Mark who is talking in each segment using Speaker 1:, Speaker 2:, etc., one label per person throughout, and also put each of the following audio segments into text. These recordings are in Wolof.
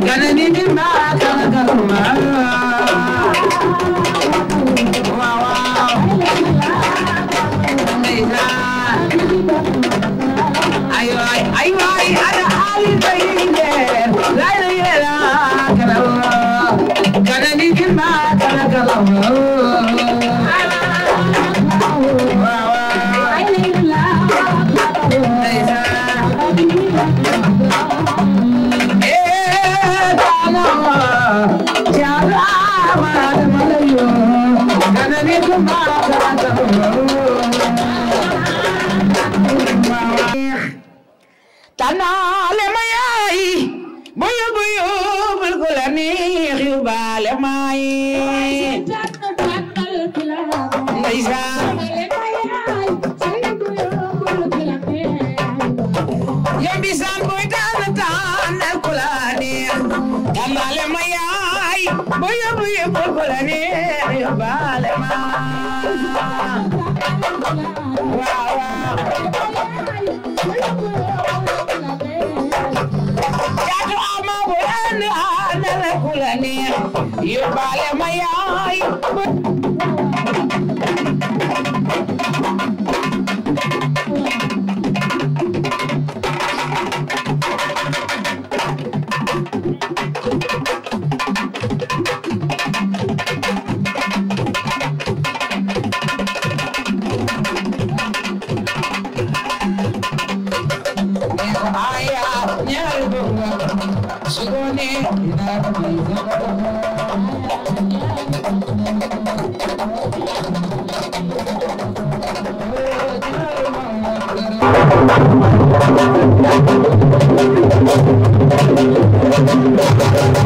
Speaker 1: Gonna need you now. ndeysaan yow bisaan boy tànn tànnal ku la neex tànnale ma yaay boy boy boy ku la neex yóbbaale ma waaw yaatu ama boy tànn tànnal ku la neex yóbbaale ma yaay shigone ina ke Thank you.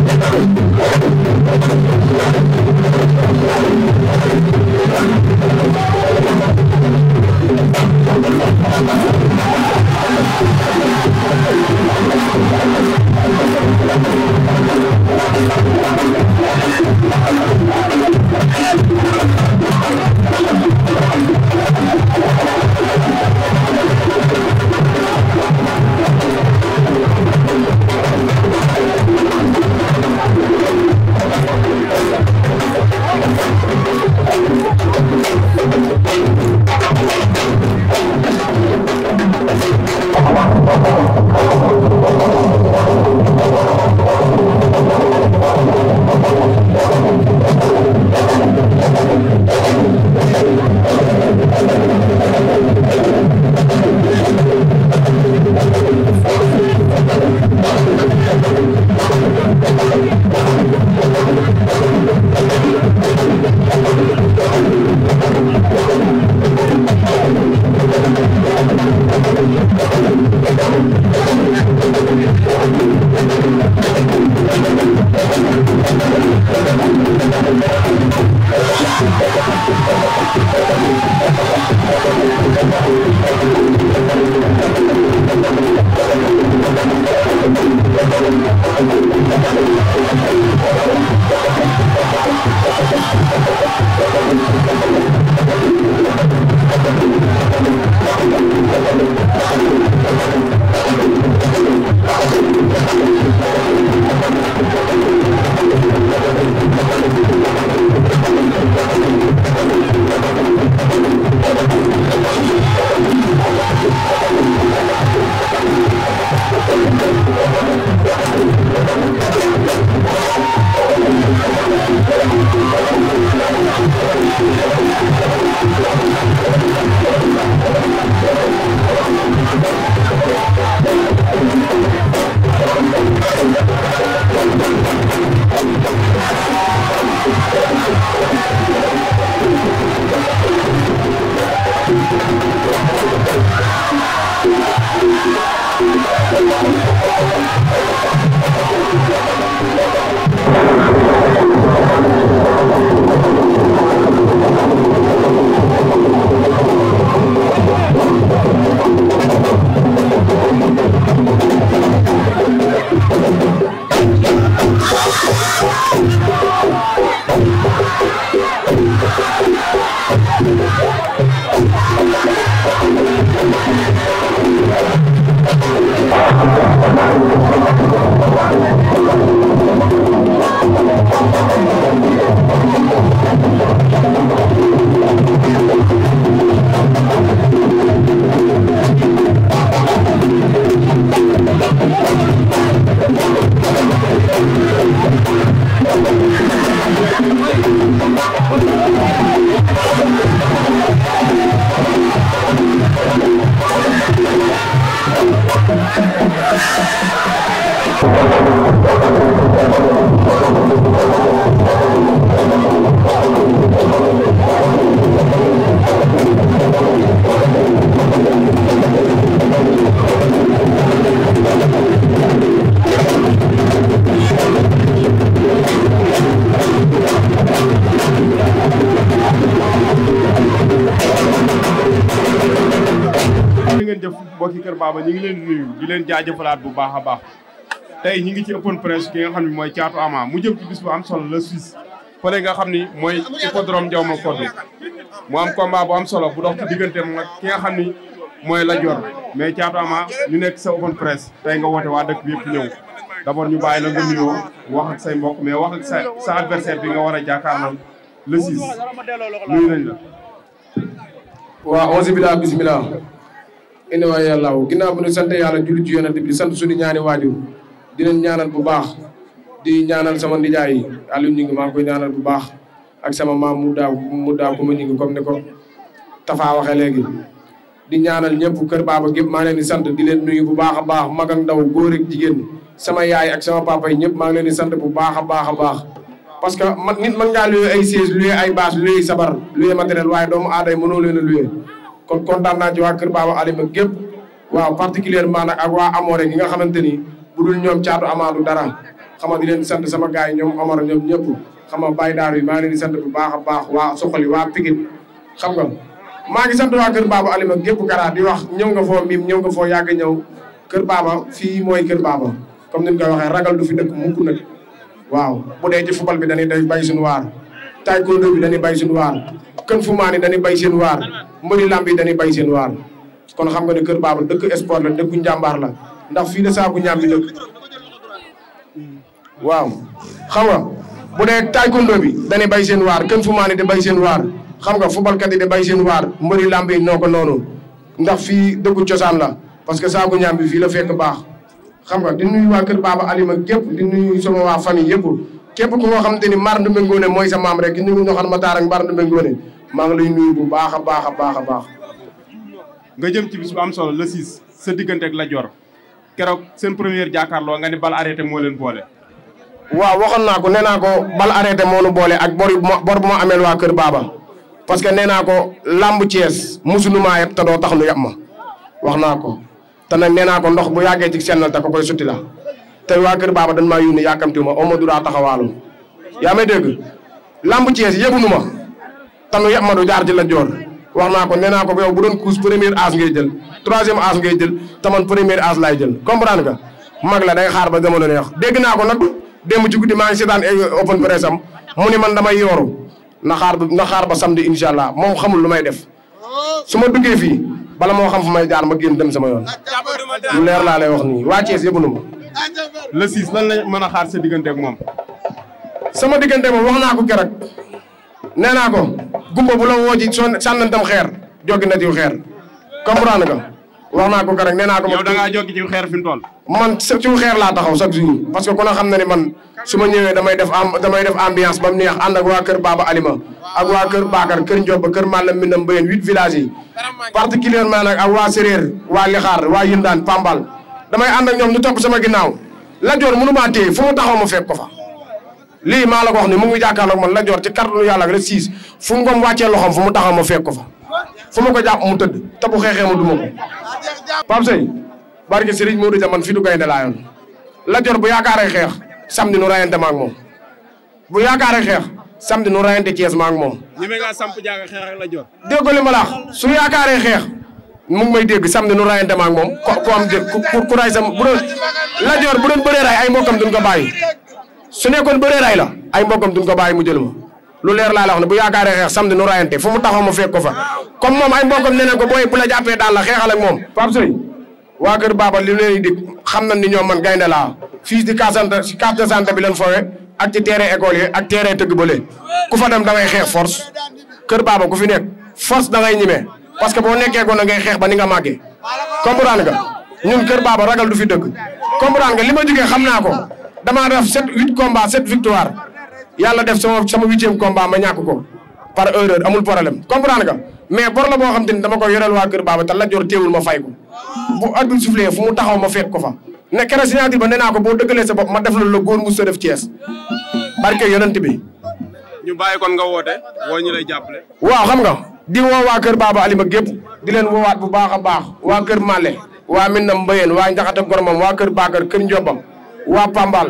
Speaker 2: leen jaajëfalaat bu baax a baax tey ñi ngi ci open press ki nga xam mooy caatu ama mu jëm ci bis bu am solo la Suisse fële nga xam ni mooy hippodrome Diaw ma Koddu mu am combat am solo bu dox ci digganteem nag ki nga xam ni mooy la jor mais caatu ama ñu nekk sa open press tey nga woote waa dëkk bi yëpp ñëw d'abord ñu bàyyi la nga nuyoo wax ak say mbokk mais wax sa sa adversaire bi nga war a jàkkaarloo le 6 nuyu nañ la waaw onze bi daal bismillah inawaa yàllaahu ginnaaw bu ñu sant yàlla julli ci yonent bi sant suñu ñaani waajur di leen ñaanal bu baax di ñaanal sama nijaay yi Aliou ñu ngi maa ngi ñaanal bu baax ak sama maam mu daaw mu daaw ko ma ñu ngi comme ni ko Tafa waxee léegi di ñaanal ñëpp kër baaba gépp maa ngi leen sant di leen nuyu bu baax baax mag ak ndaw góor ak jigéen sama yaay ak sama papa yi ñëpp maa ngi leen di sant bu baax a baax a baax parce que man nit mën ngaa luye ay siège luye ay bâche luye sabar luye matériel waaye doomu aaday mënoo leen a luye kon kontaan naa ci waa Kër Baba Alima gépp waaw particulièrement nag ak waa Amore gi nga xamante ni bu dul ñoom caatu amaadu dara xama di leen sant sama gars yi ñoom Amore ñoom ñëpp xama Baye Daaru yi maa ngi leen di sant bu baax a baax waa Soxali waa Pikine xam nga maa ngi sant waa Kër Baba Alima gépp Kara di wax ñëw nga foo miim ñëw nga foo yàgg ñëw Kër Baba fii mooy Kër Baba comme ni ñu koy waxee ragal du fi dëkk mukk nag waaw bu dee ci football bi dañuy def bay suñu waar taekwondo bi dañuy bay suñu waar kën fu maa ni dañuy bay seen waar mbëri lamb yi dañuy bay seen waar kon xam nga ne Kër Baaba dëkk sport la dëkku njàmbaar la ndax fii la saaku ñaam bi dëkk waaw xam nga bu dee taekwondo bi dañuy bay seen waar kën fu maa ni da bay seen waar xam nga footballkat yi da bay seen waar mbëri lamb yi noo ko noonu ndax fii dëkku cosaan la parce que saaku ñaam fii la fekk baax xam nga di nuyu waa Kër Baaba Alima gépp di nuyu sama waa famille yëpp képp ku nga xamante ni Mar Ndumbe Ngone mooy sa maam rek ñu ngi ñoo xam Matar ak Mar Ndumbe maa ngi lay nuyu bu baax a baax a baax nga jëm ci bis bu am solo le 6 sa diggante ak Lat Dior keroog seen première jàkkaarloo nga ni bal arrêté moo leen boole. waaw waxoon naa ko nee naa ko bal arrêté moo nu boole ak bor bor bu ma ameel waa Kër Baaba parce que nee naa ko làmb Thiès musunu maa yab te doo tax nu yab ma wax naa ko te nag nee naa ko ndox bu yàggee ci sennal te ko koy la tey waa kër baaba dañ maa yónni yàkkamtiwuma oma du daa taxawaalu yaa may dégg lamb yëpp yëgunu ma tanu yem ma du jaar ci la joor wax naa ko nee naa ko yow bu doon couche première as ngay jël troisième as ngay jël taman première as laay jël comprendre nga mag la day xaar ba jamono neex dégg naa ko nag démb ci di maa ngi seetaan open press am mu ne man dama yooru na xaar ba na xaar ba samedi incha allah moom xamul lu may def su ma duggee fii bala moo xam fu may jaar ma génn dem sama yoon leer laa lay wax nii waa Thiès yëgunu ma le 6 lan la mën a xaar sa diggante moom. sama diggante moom wax naa ko keroog nee naa ko gumba bu la woo ci soo sànnantam xeer joggi na ci xeer comprendre nga wax naa ko keroog nee ko. yow da ngaa joggi ci xeer fi mu man ci xeer laa taxaw chaque jour parce que ku xam na ne man su ma ñëwee damay def am damay def ambiance ba mu neex ànd ak waa kër Baba Alima ak waa kër Bakar kër Ndiob kër Malam Mbindam Mbayeen huit villages yi particulièrement nag a waa Séréer waa Lixaar waa Yindaan Pambal. damay ànd ak ñoom ñu topp sama ginnaaw Lat Dior mënu maa téye fu mu taxaw ma fekk ko fa lii maa la ko wax ni mu ngi jàkkaarloog man Lat Dior ci kàttanu yàlla rek siis fu ngom wàccee loxoom fu mu taxaw ma fekk ko fa fu ma ko jàpp mu tëdd te bu xeexee ma duma ko Pape Seye barke Serigne Modou Dia man fii du gaynde laa yoon Lat Dior bu yaakaaree xeex samedi nu rayante ma ak moom bu yaakaaree xeex samedi nu rayante Thiès ma moom ñeme nga samp jaaga xeex ak Lat Dior déggoo li ma la su yaakaaree xeex mu may dégg samedi nu raayante ma ak moom ku am dégg ku raay sam bu doon
Speaker 1: Lajoor bu doon ay mbokkam duñ ko bàyyi
Speaker 2: su nekkoon bëree la ay mbokkam duñ ko bàyyi mu jël ma lu leer laa la wax ne bu yaakaaree xeex samedi nu raayante fu mu taxaw ma fekk ko fa comme moom ay mbokkam nee ko booy bu la jàppee daal la xeexal moom Pape Seye waa kër Baba li leen di xam na ni ñoom man gaynde laa fii di casante si case de santé bi leen fowe ak ci terrain école yi ak terrain tëgg bële ku fa dem da ngay xeex force kër ku fi nekk force da ngay ñime parce que boo nekkee gone ngay xeex ba ni nga màggee comprendre nga ñun kër baaba ragal du fi dëgg comprendre nga li ma jógee xam naa ko damaa def sept huit combat sept victoire yàlla def sama sama huitième combat ma ñàkk ko par erreur amul problème comprendre nga mais bor boo xam te ne dama koy yoreel waa kër baaba te la jor teewul ma fay ko bu adul soufflé fu mu taxaw ma fekk ko fa ne kere signature ba nee naa ko boo dëggalee sa bopp ma def la la góor mu sa def Thiès barke bi ñu bàyyi kon nga woote woo ñu lay jàppale. waaw xam nga di woo waa kër Baba Alima gépp di leen woowaat bu baax a baax waa kër Malle waa Minnam Mbayeen waa Njaxate Goromam waa kër Bakar kër Ndiobam waa Pambal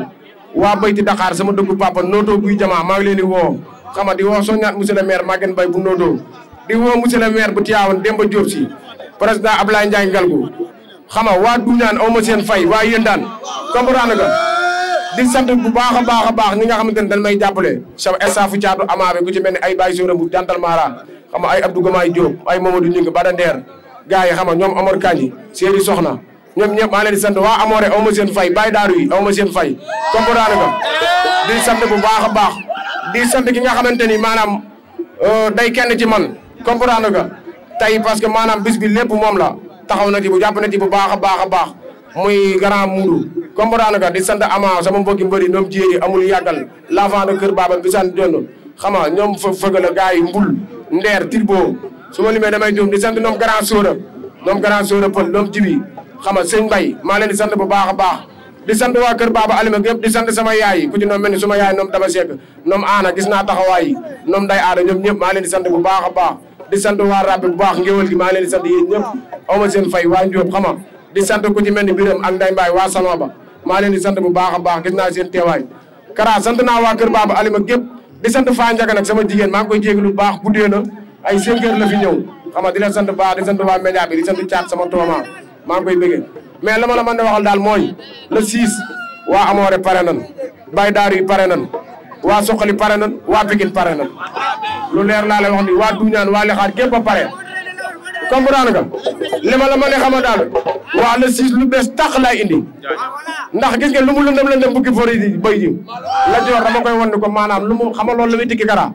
Speaker 2: waa Bayti Dakar sama dëggu papa nootoo buy jamaa maa ngi leen di woo xam nga di woo soññaat monsieur le maire Maguette Mbaye bu nootoo di woo monsieur le maire bu Tivaouane Demba Diop si président Ablaye Ndiaye Ngalgu xam nga waa Duñaan aw ma seen fay waa Yëndaan comprendre di sant bu baax a baax a baax ñi nga xamante may jàppale sa estaafu caatu amaa bi ci mel ni ay Baye Souré bu Mara xam ay Abdou Gamay Diop ay Mamadou Ngingue Bada Ndeer gars yi xam nga ñoom Amar Kanji Séeri Soxna ñoom ñëpp maa sant waa Amore aw ma seen fay Baye Daaru yi aw ma seen fay comprendre nga di sant bu baax a baax di sant ki nga xamante ni maanaam euh, day kenn ci man comprendre nga tey parce que maanaam bis bi lépp moom la taxaw na ci bu jàpp na ci bu baax a baax a baax muy grand Mourou comprendre nga di sant ama sama mbokki mbëri ñoom jéeri amul yàggal l'avant de kër baaba bi sant jonn xam nga ñoom fa fëgg la gars yi mbul ndeer tilbo su ma limee damay juum di sant ñoom grand sóora ñoom grand sóora pël ñoom jibi xam nga mbay maa leen di sant bu baax a baax di sant waa kër baaba alima yëpp di sant sama yaay ku ci noom mel ni suma yaay ñoom dama seek ñoom aana gis naa taxawaay yi ñoom day aada ñoom ñëpp maa leen di sant bu baax a baax di sant waa bu baax ngéwal gi maa leen di sant yéen ñëpp awma seen fay waa Njóob xam nga di sant ku ci mel ni biram ak maa leen di sant bu baax a baax gis naa seen teewaay Kara sant naa waa kër Baba Alima gépp di sant Faa Njaga nag sama jigéen maa koy jéeglu baax guddee na ay seen kër la fi ñëw xam nga di leen sant baax di sant waa média bi di sant caat sama tooma maa koy bëggee mais la ma la a waxal daal mooy le 6 waa Amoore pare nan Baye Daaru pare nan waa Soxali pare nan waa Pikine pare nan lu leer laa lay wax ni waa Duñaan waa Lexaar gépp a pare comprendre nga a waa la six lu bees tax laay indi ndax gis ngeen lu mu lëndëm lëndëm bukki fori di béy ji la joor dama koy wan ko maanaam lu mu xama loolu la muy tikki kara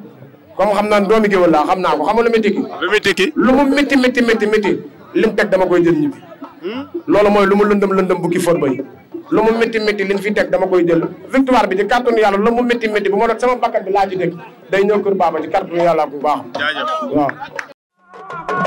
Speaker 2: comme xam naa doomi géwël laa xam naa ko xama lu muy tikki lu muy tikki lu mu métti métti métti métti lim teg dama koy jël ñibbi loolu mooy lu mu lëndëm lëndëm bukki for béy lu mu métti métti li ñu fi teg dama koy jël victoire bi ci kàttanu yàlla lu mu métti métti bu ma doon sama bakkat bi laa ci day ñëw kër baaba bu baax
Speaker 1: waaw